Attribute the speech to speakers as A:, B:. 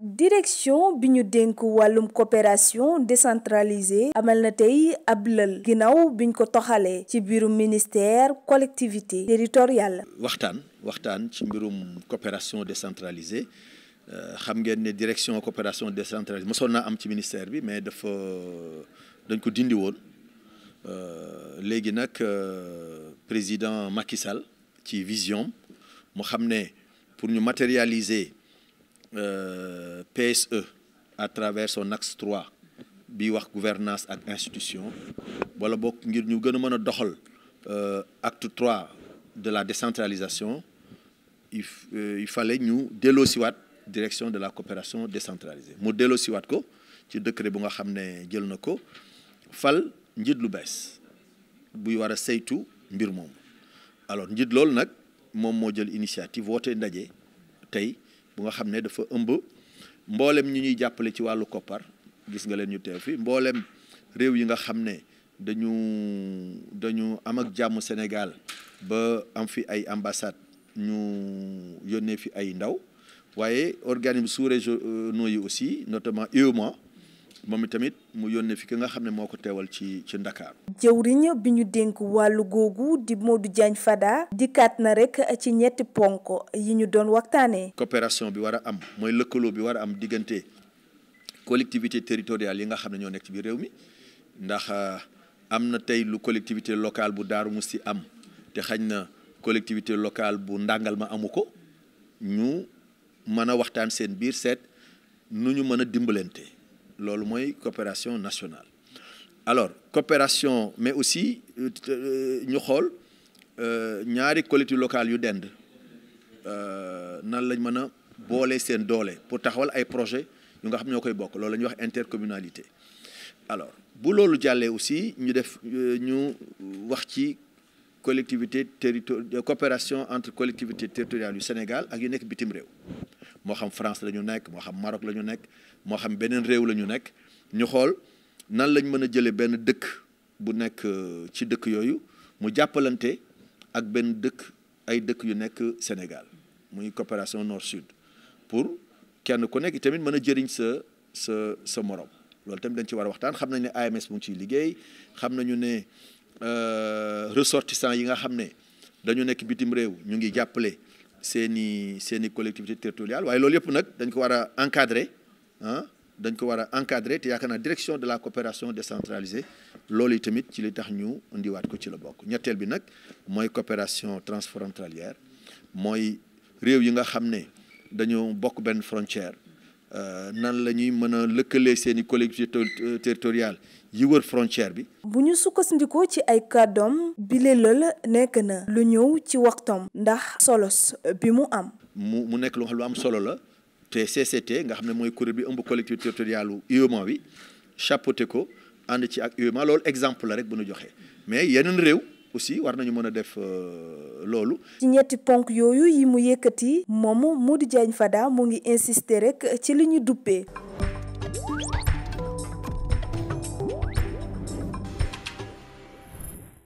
A: direction bi ñu dénk wàllum coopération décentralisée amal na tey ab lël ginnaaw biñ ko toxalee ci biirum ministère collectivité territoriale
B: waxtaan waxtaan ci mbirum coopération décentralisée euh, xam ngeen ne direction coopération décentralisée mosoon naa am ci ministère bi mais dafa dañ ko dindi woon euh, léegi nag euh, président Macky ci vision mu xam ne pour ñu matérialiser euh, PSE à travers son axe 3 bi wax gouvernance ak institution wala bokk ngir ñu gën a mën a doxal euh, acte 3 de la décentralisation il euh, il fallait ñu delloosiwaat direction de la coopération décentralisée mu delloosiwaat ko ci décret bu nga xam ne jël na ko fal njiit lu bees buy war a saytu mbir moom alors njiit loolu nag moom moo jël initiative woote ndaje tey bu nga xam ne dafa ëmb mboolem ñi ñuy jàppale ci wàllu koppar gis nga leen ñu teew fi mboolem réew yi nga xam ne dañu dañu am ak jàmm Sénégal ba am fi ay ambassade ñu yónnee fi ay ndaw waaye organisme sous-régionaux yi aussi notamment UEMOA moom itamit mu yónnee fi ki nga xam ne moo ko teewal ci ci Ndakaar.
A: jëwriñ bi ñu dénk wàllu googu di Modou Diagne Fada. dikkaat na rek ci ñetti ponk yi ñu doon waxtaanee.
B: coopération bi war a am mooy lëkkaloo bi war a am diggante collectivité territoriale yi nga xam ne ñoo nekk ci biir réew mi ndax uh, am na tey lu collectivité locale bu Daaru Musti am te xañ na collectivité locale bu ndàngal ma amu ko ñu mën a waxtaan seen biir seet nu ñu mën a dimbalante. loolu mooy coopération nationale alors coopération mais aussi euh, ñu xool euh, ñaari collectivités locales yu dend euh, nan lañ mën a boole seen doole pour taxawal ay projet yu nga xam ñoo koy bokk loolu la ñuy wax intercommunalité alors bu loolu jàllee aussi ñu def ñu wax ci collectivité territoire coopération entre collectivités territoriales yu Sénégal ak yu nekk bitim réew moo xam France la ñu nekk moo xam Maroc la ñu nekk moo xam beneen réew la ñu nekk ñu xool nan lañ mën a jëlee benn dëkk bu nekk euh, ci dëkk yooyu mu jàppalante ak benn dëkk ay dëkk yu nekk Sénégal muy coopération nord sud pour kenn ku nekk tamit mën a jëriñ sa sa sa morom loolu tamit dañ ci war a waxtaan xam nañ ne AMS mu ngi ciy liggéey xam nañu ne euh, ressortissants yi nga xam ne dañu nekk bitim réew ñu ngi jàppale. seen i seen i collectivité territoriale waaye loolu yëpp nag dañ ko war a encadrer ah dañ ko war a encadrer te yaakaar naa direction de la coopération décentralisée loolu yi tamit ci li tax ñu indiwaat ko ci la bokk ñetteel bi nag mooy coopération transfrontalière mooy réew yi nga xam ne dañoo bokk benn frontière Euh, nan la ñuy mën a lëkkalee seen i collectivités euh, territoriales yi wër frontière bi.
A: bu ñu sukkandikoo ci ay kàddoom bile lël nekk na. lu ñëw ci waxtam ndax solos bi mu am.
B: mu mu nekk lu lu am solo la te CCT nga xam ne mooy kuréel bi ëmb collectivité territoriale UEMOA bi chapeauté ko ànd ci ak UEMOA loolu exemple la rek bu ñu joxee mais yeneen réew. aussi war nañu mën a def euh, loolu.
A: ci ñetti ponk yooyu yi mu yëkkati moom di Diagne Fada mu ngi insisté rek ci li ñu duppee.